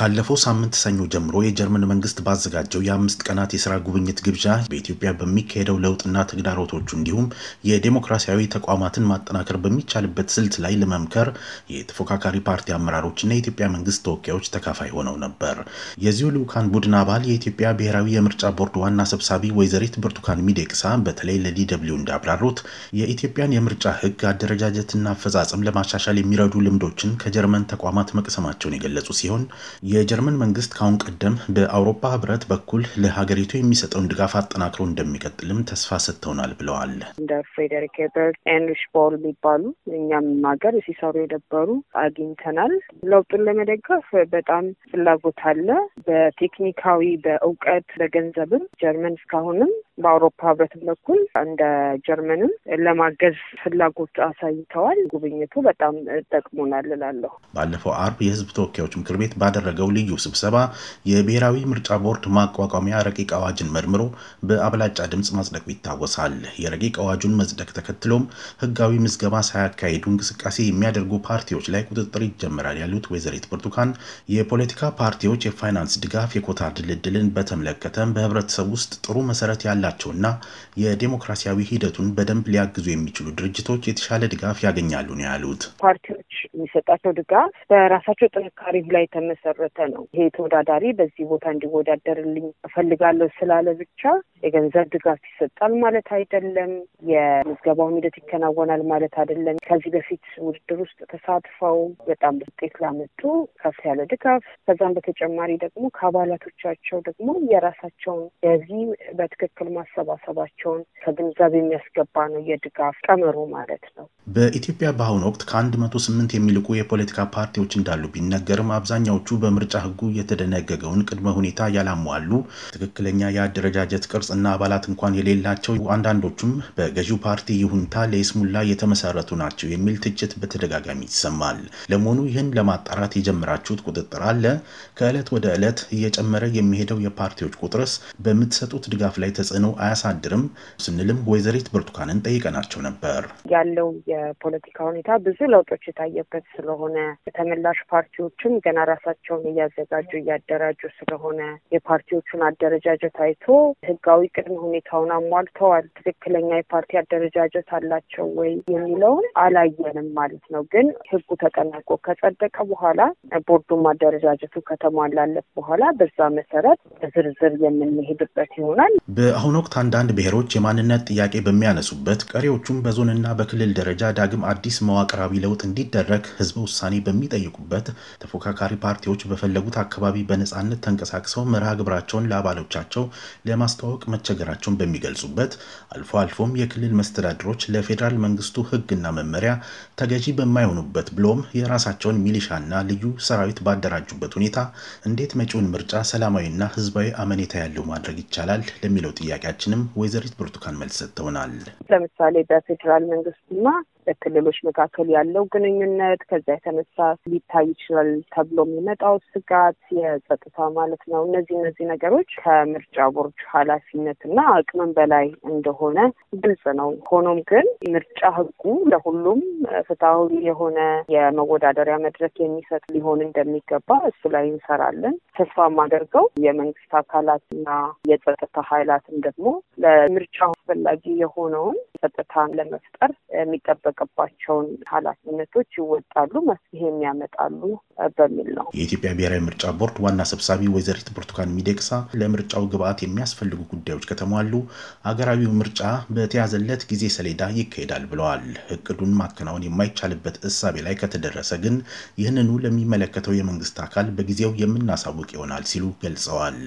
ካለፈው ሳምንት ሰኞ ጀምሮ የጀርመን መንግስት ባዘጋጀው የአምስት ቀናት የስራ ጉብኝት ግብዣ በኢትዮጵያ በሚካሄደው ለውጥና ተግዳሮቶቹ እንዲሁም የዴሞክራሲያዊ ተቋማትን ማጠናከር በሚቻልበት ስልት ላይ ለመምከር የተፎካካሪ ፓርቲ አመራሮችና የኢትዮጵያ መንግስት ተወካዮች ተካፋይ ሆነው ነበር። የዚሁ ልዑካን ቡድን አባል የኢትዮጵያ ብሔራዊ የምርጫ ቦርድ ዋና ሰብሳቢ ወይዘሪት ብርቱካን ሚደቅሳ በተለይ ለዲደብሊው እንዳብራሩት የኢትዮጵያን የምርጫ ህግ አደረጃጀትና አፈጻጸም ለማሻሻል የሚረዱ ልምዶችን ከጀርመን ተቋማት መቅሰማቸውን የገለጹ ሲሆን የጀርመን መንግስት ካሁን ቀደም በአውሮፓ ህብረት በኩል ለሀገሪቱ የሚሰጠውን ድጋፍ አጠናክሮ እንደሚቀጥልም ተስፋ ሰጥተውናል ብለዋል። እንደ ፍሬደሪክ ኤበርት፣ ኤንሪሽ ቦል የሚባሉ እኛም ሀገር ሲሰሩ የነበሩ አግኝተናል። ለውጡን ለመደገፍ በጣም ፍላጎት አለ። በቴክኒካዊ፣ በእውቀት፣ በገንዘብም ጀርመን እስካሁንም በአውሮፓ ህብረትም በኩል እንደ ጀርመንም ለማገዝ ፍላጎት አሳይተዋል። ጉብኝቱ በጣም ጠቅሞናል እላለሁ። ባለፈው አርብ የህዝብ ተወካዮች ምክር ቤት ባደረገው ልዩ ስብሰባ የብሔራዊ ምርጫ ቦርድ ማቋቋሚያ ረቂቅ አዋጅን መርምሮ በአብላጫ ድምፅ ማጽደቁ ይታወሳል። የረቂቅ አዋጁን መጽደቅ ተከትሎም ህጋዊ ምዝገባ ሳያካሂዱ እንቅስቃሴ የሚያደርጉ ፓርቲዎች ላይ ቁጥጥር ይጀምራል ያሉት ወይዘሪት ብርቱካን የፖለቲካ ፓርቲዎች የፋይናንስ ድጋፍ የኮታ ድልድልን በተመለከተም በህብረተሰብ ውስጥ ጥሩ መሰረት ያለ ያላቸውና የዴሞክራሲያዊ ሂደቱን በደንብ ሊያግዙ የሚችሉ ድርጅቶች የተሻለ ድጋፍ ያገኛሉ ነው ያሉት። ፓርቲዎች የሚሰጣቸው ድጋፍ በራሳቸው ጥንካሬ ላይ የተመሰረተ ነው። ይሄ ተወዳዳሪ በዚህ ቦታ እንዲወዳደርልኝ እፈልጋለሁ ስላለ ብቻ የገንዘብ ድጋፍ ይሰጣል ማለት አይደለም። የምዝገባውን ሂደት ይከናወናል ማለት አይደለም። ከዚህ በፊት ውድድር ውስጥ ተሳትፈው በጣም ውጤት ላመጡ ከፍ ያለ ድጋፍ፣ ከዛም በተጨማሪ ደግሞ ከአባላቶቻቸው ደግሞ የራሳቸውን በዚህ በትክክል ማሰባሰባቸውን ከግንዛቤ የሚያስገባ ነው የድጋፍ ቀመሩ ማለት ነው። በኢትዮጵያ በአሁኑ ወቅት ከአንድ መቶ ስምንት የሚልቁ የፖለቲካ ፓርቲዎች እንዳሉ ቢነገርም አብዛኛዎቹ በምርጫ ሕጉ የተደነገገውን ቅድመ ሁኔታ ያላሟሉ፣ ትክክለኛ የአደረጃጀት ቅርጽ እና አባላት እንኳን የሌላቸው፣ አንዳንዶቹም በገዢው ፓርቲ ይሁንታ ለይስሙላ የተመሰረቱ ናቸው የሚል ትችት በተደጋጋሚ ይሰማል። ለመሆኑ ይህን ለማጣራት የጀመራችሁት ቁጥጥር አለ? ከዕለት ወደ ዕለት እየጨመረ የሚሄደው የፓርቲዎች ቁጥርስ በምትሰጡት ድጋፍ ላይ ተጽዕኖ ተጽዕኖ አያሳድርም ስንልም ወይዘሪት ብርቱካንን ጠይቀናቸው ነበር። ያለው የፖለቲካ ሁኔታ ብዙ ለውጦች የታየበት ስለሆነ ተመላሽ ፓርቲዎችም ገና ራሳቸውን እያዘጋጁ እያደራጁ ስለሆነ የፓርቲዎቹን አደረጃጀት አይቶ ህጋዊ ቅድመ ሁኔታውን አሟልተዋል፣ ትክክለኛ የፓርቲ አደረጃጀት አላቸው ወይ የሚለውን አላየንም ማለት ነው። ግን ህጉ ተጠናቆ ከጸደቀ በኋላ ቦርዱም አደረጃጀቱ ከተሟላለት በኋላ በዛ መሰረት ዝርዝር የምንሄድበት ይሆናል። በአሁኑ ወቅት አንዳንድ ብሔሮች የማንነት ጥያቄ በሚያነሱበት፣ ቀሪዎቹም በዞንና በክልል ደረጃ ዳግም አዲስ መዋቅራዊ ለውጥ እንዲደረግ ህዝበ ውሳኔ በሚጠይቁበት፣ ተፎካካሪ ፓርቲዎች በፈለጉት አካባቢ በነፃነት ተንቀሳቅሰው መርሃ ግብራቸውን ለአባሎቻቸው ለማስተዋወቅ መቸገራቸውን በሚገልጹበት፣ አልፎ አልፎም የክልል መስተዳድሮች ለፌዴራል መንግስቱ ህግና መመሪያ ተገዢ በማይሆኑበት ብሎም የራሳቸውን ሚሊሻና ልዩ ሰራዊት ባደራጁበት ሁኔታ እንዴት መጪውን ምርጫ ሰላማዊና ህዝባዊ አመኔታ ያለው ማድረግ ይቻላል ለሚለው ጥያቄ ጥያቄያችንም ወይዘሪት ብርቱካን መልስ ሰጥተውናል። ለምሳሌ በፌዴራል መንግስትና ክልሎች መካከል ያለው ግንኙነት ከዛ የተነሳ ሊታይ ይችላል ተብሎ የሚመጣው ስጋት፣ የጸጥታ ማለት ነው። እነዚህ እነዚህ ነገሮች ከምርጫ ቦርድ ኃላፊነት እና አቅምን በላይ እንደሆነ ግልጽ ነው። ሆኖም ግን ምርጫ ህጉ ለሁሉም ፍትሐዊ የሆነ የመወዳደሪያ መድረክ የሚሰጥ ሊሆን እንደሚገባ እሱ ላይ እንሰራለን። ተስፋ የማደርገው የመንግስት አካላትና የጸጥታ ኃይላትም ደግሞ ለምርጫ አስፈላጊ የሆነውን ጸጥታን ለመፍጠር የሚጠበቅ የሚጠበቅባቸውን ኃላፊነቶች ይወጣሉ፣ መፍትሄም ያመጣሉ በሚል ነው። የኢትዮጵያ ብሔራዊ ምርጫ ቦርድ ዋና ሰብሳቢ ወይዘሪት ብርቱካን ሚደቅሳ ለምርጫው ግብአት የሚያስፈልጉ ጉዳዮች ከተሟሉ አገራዊው ምርጫ በተያዘለት ጊዜ ሰሌዳ ይካሄዳል ብለዋል። እቅዱን ማከናወን የማይቻልበት እሳቤ ላይ ከተደረሰ ግን ይህንኑ ለሚመለከተው የመንግስት አካል በጊዜው የምናሳውቅ ይሆናል ሲሉ ገልጸዋል።